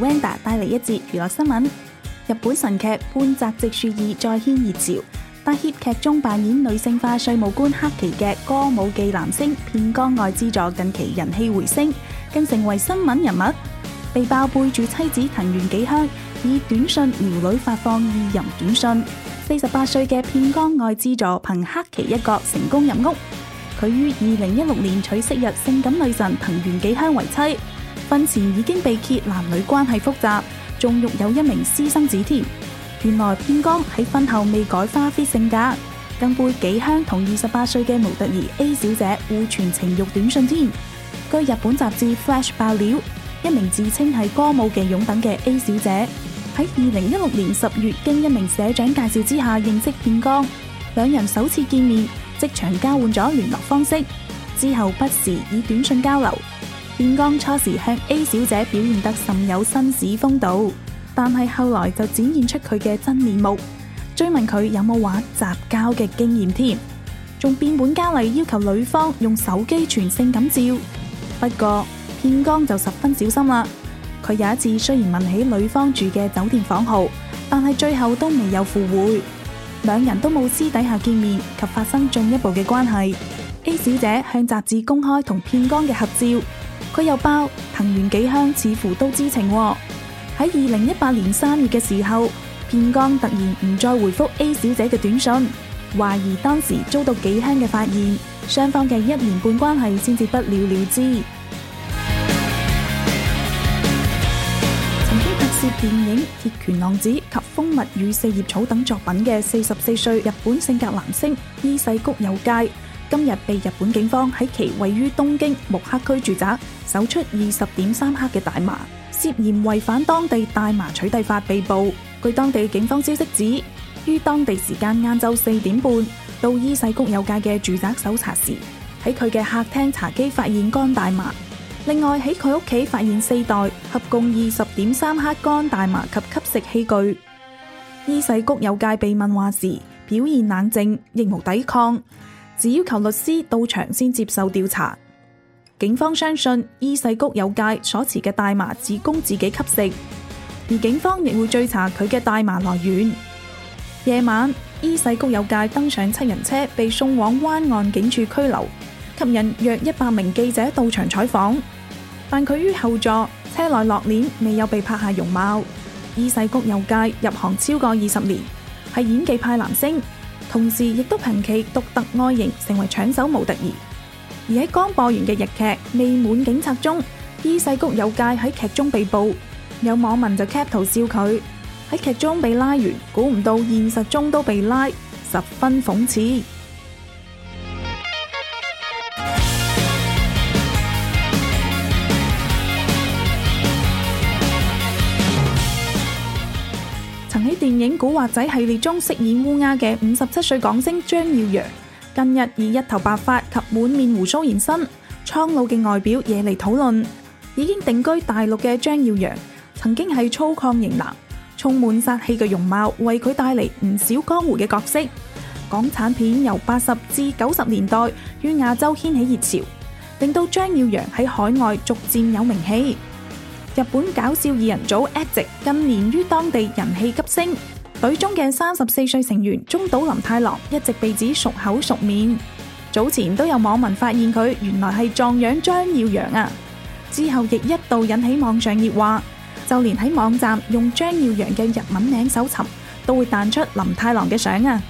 Wanda 帶嚟一節娛樂新聞。日本神劇《半澤直樹二》再掀熱潮，但喺劇中扮演女性化稅務官黑崎嘅歌舞伎男星片岡愛之助近期人氣回升，更成為新聞人物。被爆背住妻子藤原紀香以短信撩女，發放意淫短信。四十八歲嘅片岡愛之助憑黑崎一角成功入屋。佢於二零一六年娶昔日性感女神藤原紀香為妻。婚前已經被揭男女關係複雜，仲育有一名私生子添。原來片岡喺婚後未改花弗性格，更背紀香同二十八歲嘅模特兒 A 小姐互傳情欲短信添。據日本雜誌 Flash 爆料，一名自稱係歌舞伎擁躉嘅 A 小姐喺二零一六年十月經一名社長介紹之下認識片岡。兩人首次見面，即場交換咗聯絡方式，之後不時以短信交流。片江初時向 A 小姐表現得甚有紳士風度，但係後來就展現出佢嘅真面目，追問佢有冇玩雜交嘅經驗添，仲變本加厲要求女方用手機傳性感照。不過片江就十分小心啦。佢有一次雖然問起女方住嘅酒店房號，但係最後都未有赴會，兩人都冇私底下見面及發生進一步嘅關係。A 小姐向雜誌公開同片江嘅合照。佢又爆藤原紀香似乎都知情喎、哦。喺二零一八年三月嘅時候，片岡突然唔再回覆 A 小姐嘅短信，懷疑當時遭到紀香嘅發現，雙方嘅一年半關係先至不了了之。 曾經拍攝電影《鐵拳浪子》及《蜂蜜與四葉草》等作品嘅四十四歲日本性格男星伊勢谷友介。今日被日本警方喺其位於東京目黑區住宅搜出二十點三克嘅大麻，涉嫌違反當地大麻取締法被捕。據當地警方消息指，於當地時間晏晝四點半到伊勢谷有界嘅住宅搜查時，喺佢嘅客廳茶几發現乾大麻。另外喺佢屋企發現四袋合共二十點三克乾大麻及吸食器具。伊勢谷有界被問話時表現冷靜，亦無抵抗。只要求律師到場先接受調查。警方相信，伊勢谷友介所持嘅大麻只供自己吸食，而警方亦會追查佢嘅大麻來源。夜晚，伊勢谷友介登上七人車，被送往灣岸警署拘留，吸引約一百名記者到場採訪。但佢於後座，車內落鏈，未有被拍下容貌。伊勢谷友介入行超過二十年，係演技派男星。同時亦都憑其獨特外形成為搶手模特兒，而喺剛播完嘅日劇《未滿警察》中，伊勢 谷友介喺劇中被捕，有網民就 cap 圖笑佢喺劇中被拉完，估唔到現實中都被拉，十分諷刺。《電影》古惑仔》系列中飾演烏鴉嘅五十七歲港星張耀揚，近日以一頭白髮及滿面鬍鬚現身，蒼老嘅外表惹嚟討論。已經定居大陸嘅張耀揚，曾經係粗獷型男，充滿殺氣嘅容貌為佢帶嚟唔少江湖嘅角色。港產片由八十至九十年代於亞洲掀起熱潮，令到張耀揚喺海外逐漸有名氣。日本搞笑二人組 EXIT 近年於當地人氣急升，隊中嘅三十四歲成員中島林太郎一直被指熟口熟面，早前都有網民發現佢原來係撞樣張耀揚啊！之後亦一度引起網上熱話，就連喺網站用張耀揚嘅日文名搜尋，都會彈出林太郎嘅相啊！